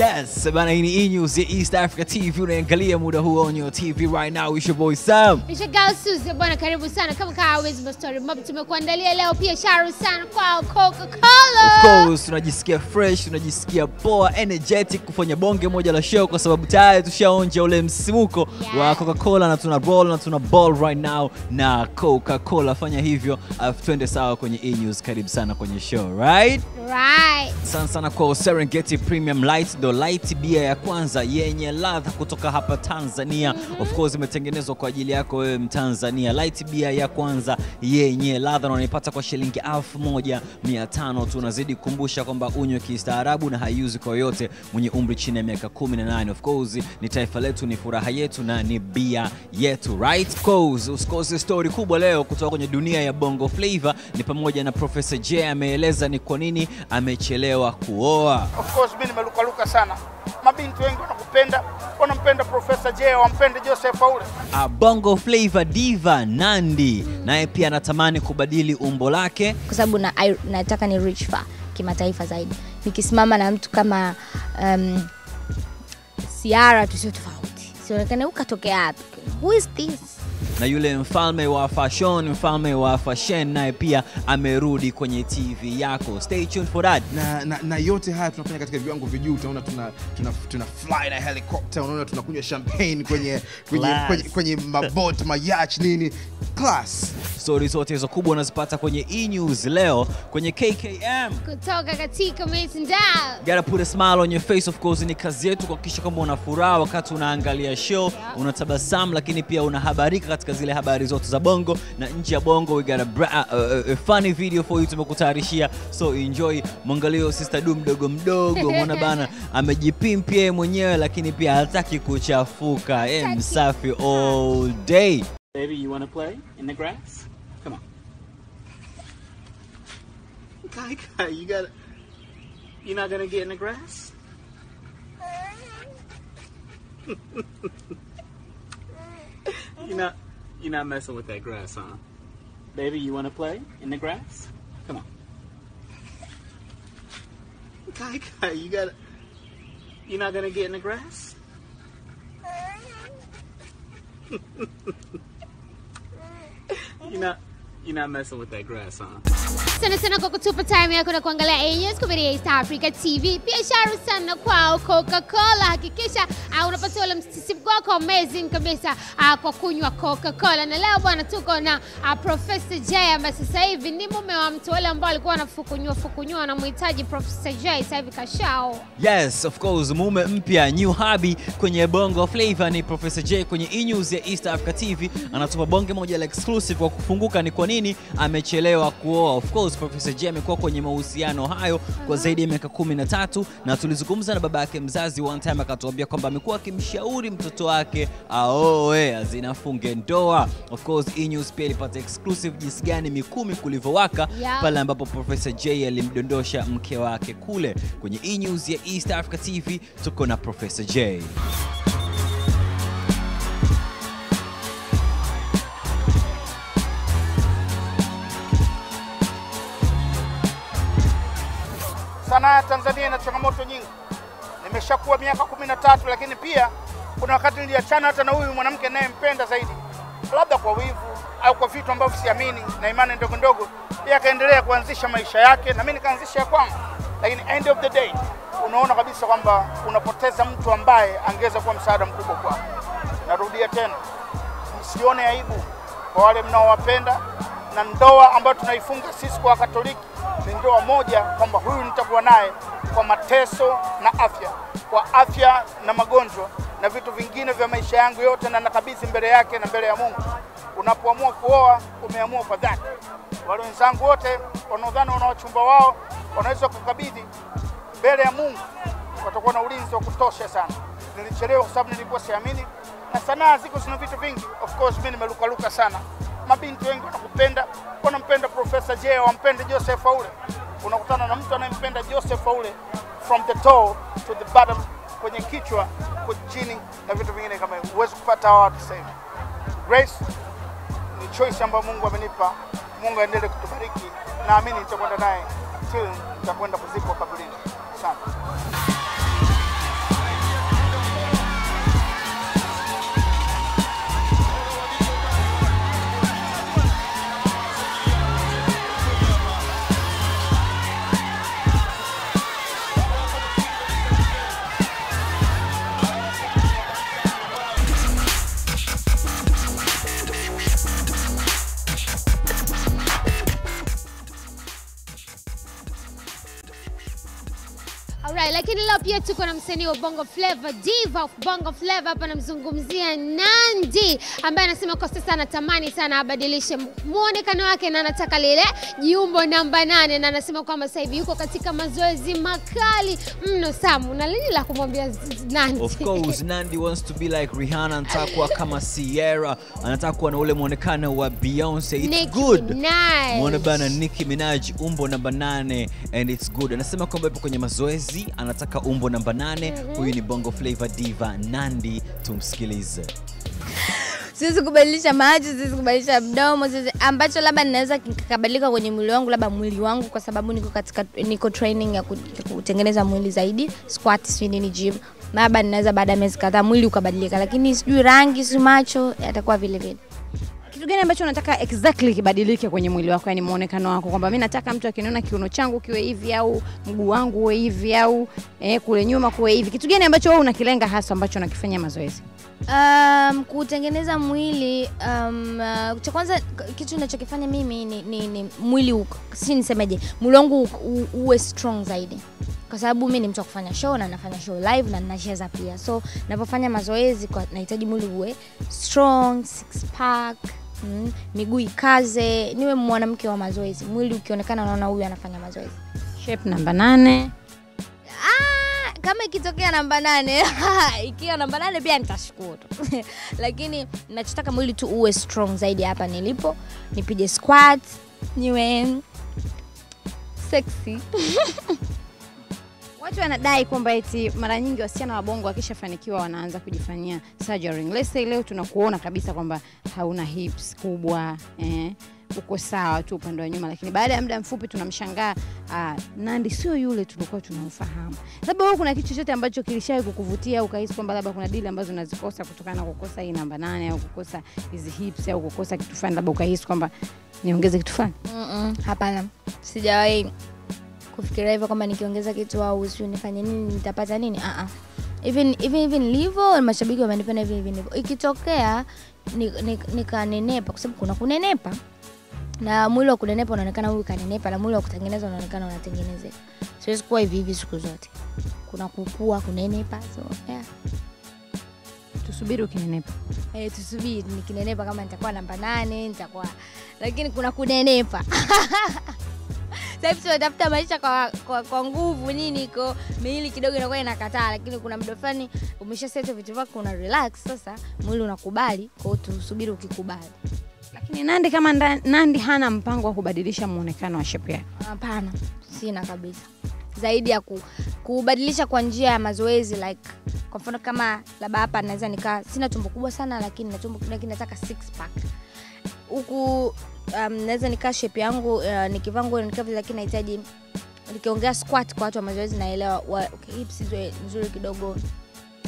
day. Yes, bana hii ni e news ya East Africa TV unaangalia muda huo on your TV right now. It's your boy Sam. It's your girl Suzy. Bwana karibu sana kama kawa always my story mob tumekuandalia leo pia sharu sana kwa Coca-Cola. Of course, tunajisikia fresh, tunajisikia poa, energetic kufanya bonge moja la show kwa sababu tayari tushaonja ule msimuko yeah. wa Coca-Cola na tuna roll na tuna ball right now na Coca-Cola. Fanya hivyo, alafu uh, twende sawa kwenye e news. Karibu sana kwenye show, right? Right. Sana sana kwa Serengeti Premium Light ndo light Night bia ya kwanza yenye ladha kutoka hapa Tanzania. Of course imetengenezwa kwa ajili yako wewe Mtanzania. Light bia ya kwanza yenye ladha na unaipata kwa shilingi 1500 tu. Unazidi kukumbusha kwamba unywe kistaarabu na haiuzi kwa yote mwenye umri chini ya miaka 18. Of course ni taifa letu, ni furaha yetu na ni bia yetu. Right cause. Usikose story kubwa leo kutoka kwenye dunia ya Bongo Flava ni pamoja na Professor j ameeleza ni kwa nini amechelewa kuoa. Of course mimi nimelukaluka sana sana. Mabinti wengi wanakupenda, wanampenda Profesa Jay, wampende Joseph Aule. Ah, Bongo Flava diva Nandi naye pia anatamani kubadili umbo lake, kwa sababu na, nataka ni reach far kimataifa zaidi. Nikisimama na mtu kama um, Ciara tusio tofauti, sionekane ukatokea wapi, who is this na yule mfalme wa fashion, mfalme wa fashion naye pia amerudi kwenye TV yako. Stay tuned for that. Na, na, na yote haya tunafanya katika viwango vijuu, utaona tuna, tuna, tuna fly na helicopter, unaona tunakunywa champagne kwenye, kwenye, kwenye, kwenye mabot mayach nini class. Stori zote hizo kubwa unazipata kwenye E News leo kwenye KKM kutoka katika mitandao. Gotta put a smile on your face, of course ni kazi yetu kuhakikisha kwamba una furaha wakati unaangalia show, yeah. unatabasamu, lakini pia unahabarika katika zile habari zote za Bongo na nje ya Bongo. We got a, bra, uh, a funny video for you tumekutayarishia, so enjoy. mwangalio Sister Du mdogo mdogo, mwana bana amejipimpa yeye mwenyewe, lakini pia hataki kuchafuka. Yeye msafi all day. Baby, you want to play in the grass? Come on. Kai Kai, you got You're not going to get in the grass? You're not, you're not messing with that grass, huh? Baby, you want to play in the grass? Come on. Kai Kai, you got You're not going to get in the grass? you're not you're not messing with that grass, huh? Sana sana kwa kutupa time yako na kuangalia ANEWS kupitia East Africa TV. Pia share sana kwao Coca-Cola. Hakikisha uh, ah, unapata ule msisimko wako amazing kabisa uh, kwa kunywa Coca-Cola. Na leo bwana, tuko na uh, Professor J ambaye sasa hivi ni mume wa mtu wale ambao alikuwa anafukunywa fukunywa, na muhitaji Professor J, sasa hivi kashao. Yes, of course, mume mpya new hubby kwenye Bongo Flava ni Professor J kwenye E News ya East Africa TV, anatupa bonge moja la exclusive kwa kufunguka ni kwa nini amechelewa kuoa. Of course, Professor J amekuwa kwenye mahusiano hayo kwa zaidi ya miaka 13 na tulizungumza na baba yake mzazi one time, akatuambia kwamba amekuwa amekuwa akimshauri mtoto wake aoe azinafunge ndoa. Of course, E-News pia ilipata exclusive jinsi gani mikumi kulivyowaka yeah. pale ambapo Professor j alimdondosha mke wake kule. Kwenye E-News ya East Africa TV tuko na Professor j Sanaa ya Tanzania ina changamoto nyingi. Nimeshakuwa miaka kumi na tatu, lakini pia kuna wakati niliachana hata na huyu mwanamke ninayempenda zaidi, labda kwa wivu au kwa vitu ambavyo siamini na imani ndogo ndogo. Yeye akaendelea kuanzisha maisha yake na mimi nikaanzisha ya kwangu, lakini end of the day unaona kabisa kwamba unapoteza mtu ambaye angeweza kuwa msaada mkubwa kwako. Narudia tena, msione aibu kwa wale mnaowapenda, na ndoa ambayo tunaifunga sisi kwa Wakatoliki ni ndoa moja, kwamba huyu nitakuwa naye kwa mateso na afya, kwa afya na magonjwa na vitu vingine vya maisha yangu yote, na nakabidhi mbele yake na mbele ya Mungu. Unapoamua kuoa, umeamua kwa dhati. Wale wenzangu wote wanaodhani wana wachumba wao wanaweza kukabidhi mbele ya Mungu, watakuwa na ulinzi wa kutosha sana. Nilichelewa kwa sababu nilikuwa siamini, na sanaa ziko zina vitu vingi. Of course mimi nimelukaluka sana. Mabinti wengi wanakupenda, wanampenda Profesa J, wampende Joseph Aule. Unakutana na mtu anayempenda Joseph Aule from the toe to the bottom kwenye kichwa huko chini na vitu vingine kama hivyo, huwezi kupata hawa watu sasa hivi. Grace ni choice ambayo Mungu amenipa. Mungu aendelee kutubariki, naamini nitakwenda naye till nitakwenda kuzikwa kaburini. Asante. pia tuko na msanii wa Bongo Flava, diva of Bongo Flava. Hapa namzungumzia Nandy ambaye anasema kwa sasa anatamani sana abadilishe muonekano wake na anataka lile jiumbo namba nane, na anasema kwamba sasa hivi yuko katika mazoezi makali mno. Sam, una nini la kumwambia Nandy? Of course Nandy wants to be like Rihanna, anataka kuwa kama Sierra, anataka kuwa na ule muonekano wa Beyonce. It's Nicki good. Minaj. Muone bana Nicki Minaj umbo namba nane and it's good. Anasema kwamba yupo kwenye mazoezi, anataka umbo mambo namba nane. mm -hmm. Huyu ni Bongo flavor Diva Nandi, tumsikilize. Siwezi kubadilisha macho, siwezi kubadilisha mdomo, siwezi ambacho labda ninaweza kikabadilika kwenye mwili wangu, labda mwili wangu, kwa sababu niko katika niko training ya kutengeneza mwili zaidi, squat, si nini, gym, labda ninaweza baada ya miezi kadhaa mwili ukabadilika, lakini sijui rangi, si macho, yatakuwa vile vile kitu gani ambacho unataka exactly kibadilike kwenye mwili wako, yani muonekano wako, kwamba mimi nataka mtu akiniona kiuno changu kiwe hivi au mguu wangu uwe hivi au eh, kule nyuma kuwe hivi. Kitu gani ambacho wewe unakilenga hasa ambacho unakifanya mazoezi? Um, kutengeneza mwili um, uh, cha kwanza kitu ninachokifanya mimi ni, ni, ni mwili uko, si nisemeje, mwili wangu uwe strong zaidi kwa sababu mimi ni mtu wa kufanya show na nafanya show live na ninacheza pia, so ninapofanya mazoezi nahitaji mwili uwe strong, six pack mm, miguu ikaze, niwe mwanamke wa mazoezi. Mwili ukionekana unaona huyu anafanya mazoezi. Shape namba nane. Ah, kama ikitokea namba nane ikiwa namba nane pia nitashukuru lakini nachotaka mwili tu uwe strong zaidi hapa nilipo, nipige squat, niwe sexy Watu wanadai kwamba eti mara nyingi wasichana wa bongo wakishafanikiwa wanaanza kujifanyia surgery. Let's say leo tunakuona kabisa kwamba hauna hips kubwa eh, uko sawa tu upande wa nyuma, lakini baada ya muda mfupi tunamshangaa ah, Nandy sio yule tulikuwa tunamfahamu. Labda wewe kuna kitu chochote ambacho kilishawahi kukuvutia ukahisi kwamba labda kuna dili ambazo unazikosa kutokana na kukosa hii namba nane au kukosa hizi hips au kukosa kitu fulani, labda ukahisi kwamba niongeze kitu fulani? Mm -mm, hapana, sijawahi kufikiria hivyo kwamba nikiongeza kitu au siu nifanye nini nitapata nini uh-uh. even even even livo mashabiki wamenipenda hivi hivi nivo ikitokea nikanenepa kwa sababu kuna kunenepa na mwili wa kunenepa unaonekana huyu kanenepa na mwili wa kutengeneza unaonekana unatengenezeka siwezi kuwa hivi hivi siku zote kuna kukua kunenepa so yeah tusubiri ukinenepa e, tusubiri nikinenepa kama nitakuwa namba nane nitakuwa lakini kuna kunenepa sasa hivi tunatafuta maisha kwa, kwa, kwa nguvu nini, iko miili kidogo inakuwa inakataa, lakini kuna muda fulani umeshaseta vitu vyako una relax, sasa mwili unakubali. Kwa hiyo tusubiri ukikubali. Lakini Nandi kama nda, Nandi hana mpango wa kubadilisha muonekano wa shape yake? Hapana, sina kabisa, zaidi ya ku, kubadilisha kwa njia ya mazoezi like kwa mfano kama labda hapa naweza nikaa sina tumbo kubwa sana, lakini na tumbo lakini nataka six pack huku um, naweza nikaa shape yangu uh, nikivaa nguo nikaa vile, lakini nahitaji nikiongea squat kwa watu wa mazoezi naelewa okay, hips ziwe nzuri kidogo,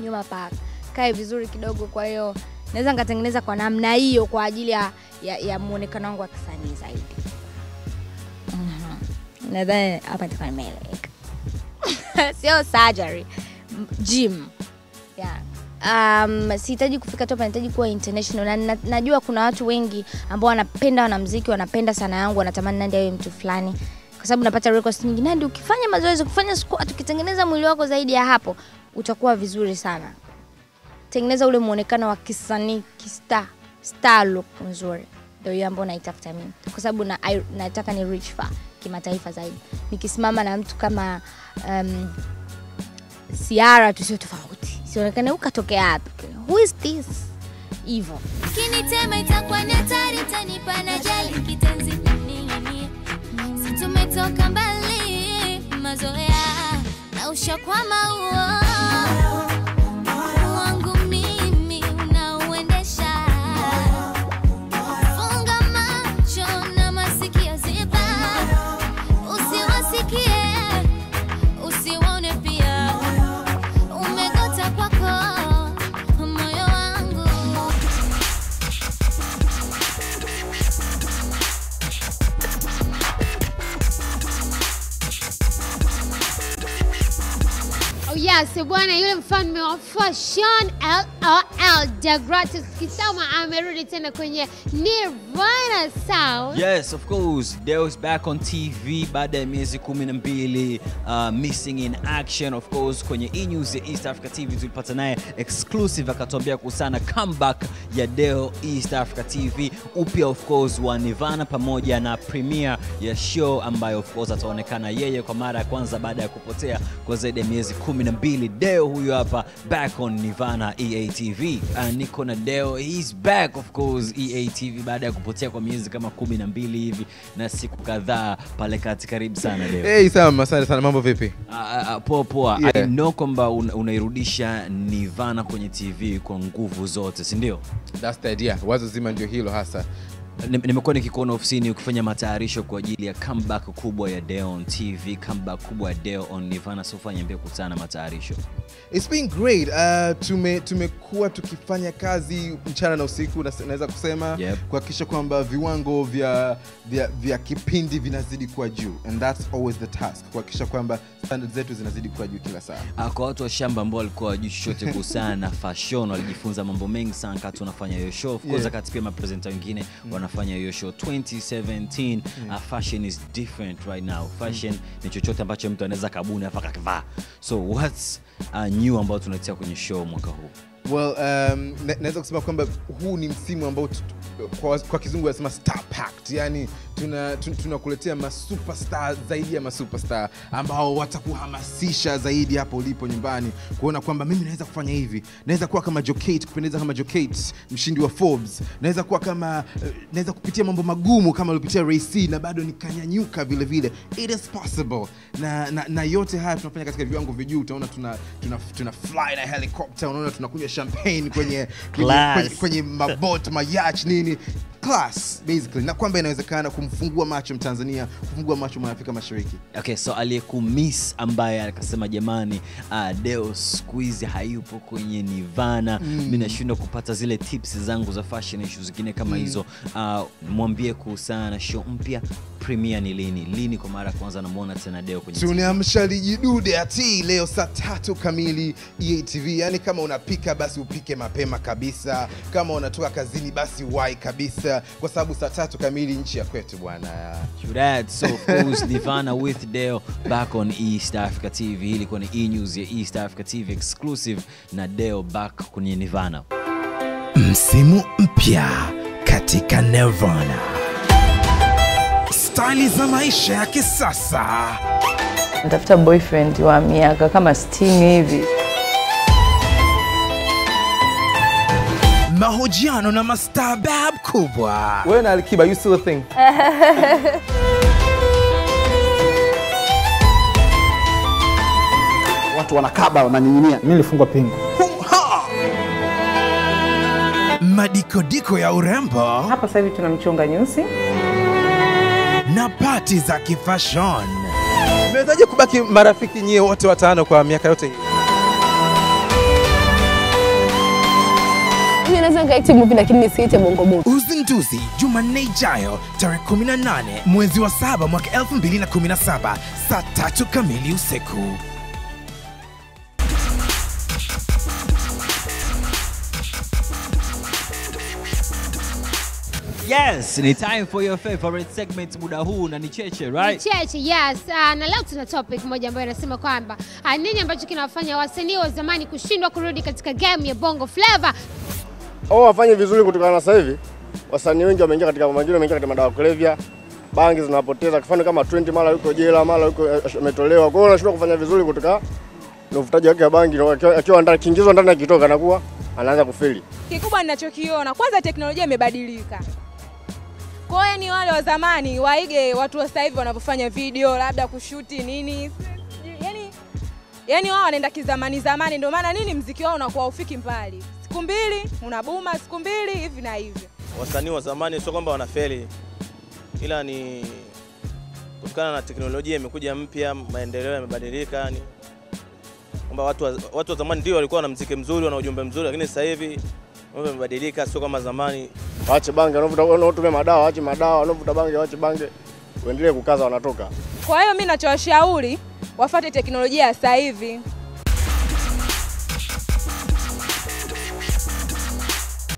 nyuma pa kae vizuri kidogo. Kwa hiyo naweza nikatengeneza kwa namna hiyo kwa ajili ya, ya, ya muonekano wangu wa kisanii zaidi. Mhm. Nadhani hapa nitakuwa nimeeleweka, sio surgery, gym yeah um, sihitaji kufika top, nahitaji kuwa international na, na najua kuna watu wengi ambao wanapenda wanamziki, wanapenda sana yangu, wanatamani Nandy awe mtu fulani kwa sababu napata records nyingi. Nandy, ukifanya mazoezi, ukifanya squat, ukitengeneza mwili wako zaidi ya hapo, utakuwa vizuri sana. Tengeneza ule muonekano wa kisanii, kista, star look nzuri, ndio hiyo ambayo naitafuta mimi, kwa sababu na, nataka ni reach far kimataifa zaidi. Nikisimama na mtu kama um, Ciara tusio tofauti asionekane ukatokea wapi who is this hivyo kinitema itakuwa natari tanipa na jali kitenzi nini tumetoka mbali mazoea na ushakwama uo yes bwana, yule mfalme wa fashion LOL Degratis Kisama amerudi tena kwenye Nirvana Sound. Yes, of course. Deo's back on TV baada ya miezi 12 uh, missing in action of course. Kwenye E News ya East Africa TV tulipata naye exclusive akatuambia kuhusiana comeback ya Deo East Africa TV, upya of course wa Nirvana pamoja na premiere ya show ambayo of course ataonekana yeye kwa mara ya kwanza baada ya kupotea kwa zaidi ya miezi 12 Deo huyu hapa back on nivana EATV. Uh, ah, niko na Deo, he's back of course EATV baada ya kupotea kwa miezi kama 12 hivi na siku kadhaa pale kati. Karibu sana Deo. Hey, sana, mambo vipi? Uh, uh, poa poa. Yeah. I know kwamba un, unairudisha nivana kwenye TV kwa nguvu zote, sindio That's the idea. Wazo zima ndio hilo hasa nimekuwa nikikuona ofisini ukifanya matayarisho kwa ajili ya comeback kubwa ya Deo on TV, comeback kubwa ya Deo on Nirvana. Sofa, niambie kutana matayarisho. It's been great. Uh, tume tumekuwa tukifanya kazi mchana na usiku, naweza kusema yep. kuhakikisha kwamba viwango vya, vya vya kipindi vinazidi kuwa juu and that's always the task, kuhakikisha kwamba standards zetu zinazidi kuwa juu kila saa. Uh, kwa watu wa shamba ambao walikuwa wajui chochote kuhusiana na fashion, walijifunza mambo mengi sana kati unafanya hiyo show. Of course, yeah. pia mapresenta wengine mm. wana anafanya hiyo show 2017 mm. uh, fashion is different right now fashion mm. ni chochote ambacho mtu anaweza kabuni afa kakivaa so what's uh, new ambayo tunatia kwenye show mwaka huu well um, naweza kusema kwamba huu ni msimu ambao kwa, kwa kizungu anasema star packed, yani tunakuletea tuna masuperstar zaidi ya masuperstar ambao watakuhamasisha zaidi hapo ulipo nyumbani kuona kwamba mimi naweza kufanya hivi, naweza kuwa kama Jokate, kupendeza kama Jokate, mshindi wa Forbes, naweza kuwa kama eh, naweza kupitia mambo magumu kama aliyopitia Ray C na bado nikanyanyuka vile vile. It is possible. Na, na, na yote haya tunafanya katika viwango vya juu, utaona tuna, tuna, tuna fly na helicopter, unaona tunakunywa champagne kwenye, kwenye, kwenye, kwenye mabot mayach nini lakini class basically na kwamba inawezekana kumfungua macho mtanzania kufungua macho mwanaafrika mashariki okay so aliyekumis ambaye akasema jamani uh, deo skuizi hayupo kwenye nivana mm. mi nashindwa kupata zile tips zangu za fashion ishu zingine kama mm. hizo uh, mwambie kuhusiana na show mpya premiere ni lini? Lini kwa mara ya kwanza namuona tena Deo kwenye Tunaamsha lijidude ati leo saa tatu kamili EATV. Yani kama unapika basi upike mapema kabisa, kama unatoka kazini basi wai kabisa, kwa sababu saa tatu kamili nchi ya kwetu bwana. So of course Divana with Deo back on East Africa TV. Ilikuwa ni E News ya East Africa TV exclusive na Deo back kwenye Nivana, Msimu mpya katika Nirvana staili za maisha ya kisasa. Natafuta boyfriend wa miaka kama 60 hivi. Mahojiano na mastaabab kubwa. Wewe na Alikiba, you still a thing. Watu wanakaba wananyinyinia. Mimi nilifungwa pingu madiko diko ya urembo. Hapa sasa hivi tuna mchonga nyusi na pati za kifashon. Mmewezaje kubaki marafiki nyie wote watano kwa miaka yote hii? Mimi naweza lakini nisiite Uzinduzi Jumanne ijayo tarehe 18 mwezi wa saba mwaka 2017 saa tatu kamili usiku. Yes, ni time for your favorite segment muda huu na ni cheche right? cheche yes. Uh, na leo tuna topic moja ambayo inasema kwamba uh, nini ambacho kinawafanya wasanii wa zamani kushindwa kurudi katika game ya Bongo flavor Au wafanye vizuri kutokana na sasa hivi wasanii wengi wameingia katika majina, wameingia katika madawa kulevya, bangi zinapoteza. Kifano kama 20 mara yuko jela, mara yuko eh, eh, ametolewa. Kwa hiyo unashindwa kufanya vizuri kutoka na uvutaji wake wa bangi, akiwa ndani kiingizwa ndani, akitoka anakuwa anaanza kufeli. Kikubwa ninachokiona kwanza, teknolojia imebadilika. Kwa hiyo ni wale wa zamani waige watu wa sasa hivi wanavyofanya video, labda kushuti nini, yani yaani wao wanaenda kizamani zamani, ndio maana nini mziki wao unakuwa ufiki mbali, siku mbili unabuma, siku mbili hivi na hivi. Wasanii wa zamani sio kwamba wanafeli, ila ni kutokana na teknolojia imekuja mpya, maendeleo yamebadilika, ni kwamba watu wa, watu wa zamani ndio walikuwa na mziki mzuri, wana ujumbe mzuri, lakini sasa hivi mambo yamebadilika, sio kama zamani waache bange, wanaotumia madawa waache madawa, wanaovuta bange waache bange, uendelee kukaza, wanatoka. Kwa hiyo mi nachowashauri wafate teknolojia ya sasa hivi.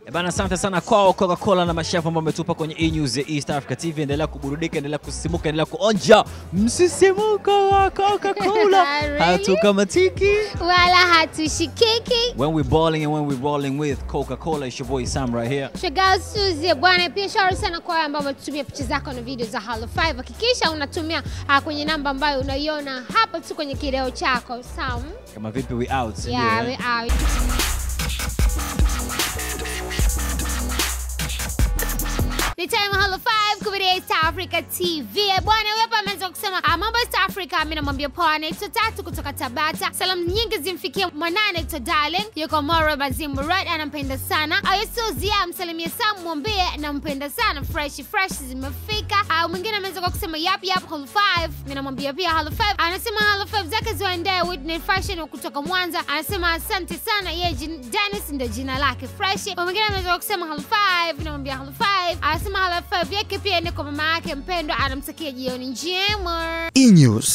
Eh bana, asante sana kwao Coca-Cola na mashafu ambao wametupa kwenye e news ya East Africa TV. Endelea kuburudika, endelea kusimuka, endelea kuonja msisimuko wa Coca-Cola. really? Hatukamatiki wala hatushikiki. When we balling and when we rolling with Coca-Cola, it's your boy Sam right here. Shagao Suzie bwana, pia shauri sana kwa ambao wametutumia picha zako na video za Halo 5. Hakikisha unatumia ah, kwenye namba ambayo unaiona hapa tu kwenye kideo chako. Sam. Kama vipi we out? yeah. Eh? we out. The time Halo 5 kupitia East Africa TV. Bwana, huyu hapa ameanza kusema mambo Africa, mimi namwambia poa. anaitwa Tatu kutoka Tabata. Salamu nyingi zimfikie mwanae anaitwa Darling, yuko Moro Mazimbu Road, anampenda sana. Ayosozia msalimie Sam, mwambie nampenda sana. Fresh fresh zimefika. Uh, mwingine ameweza kwa kusema yap yap hall 5. Mimi namwambia pia hall 5. Anasema hall 5 zake ziwaendee Whitney Fashion kutoka Mwanza. Anasema asante sana. Yeye Dennis ndio jina lake. Fresh. Mwingine ameweza kwa kusema hall 5. Namwambia hall 5. Anasema hall 5 yake pia ni kwa mama yake mpendwa, anamtakia jioni njema. E-news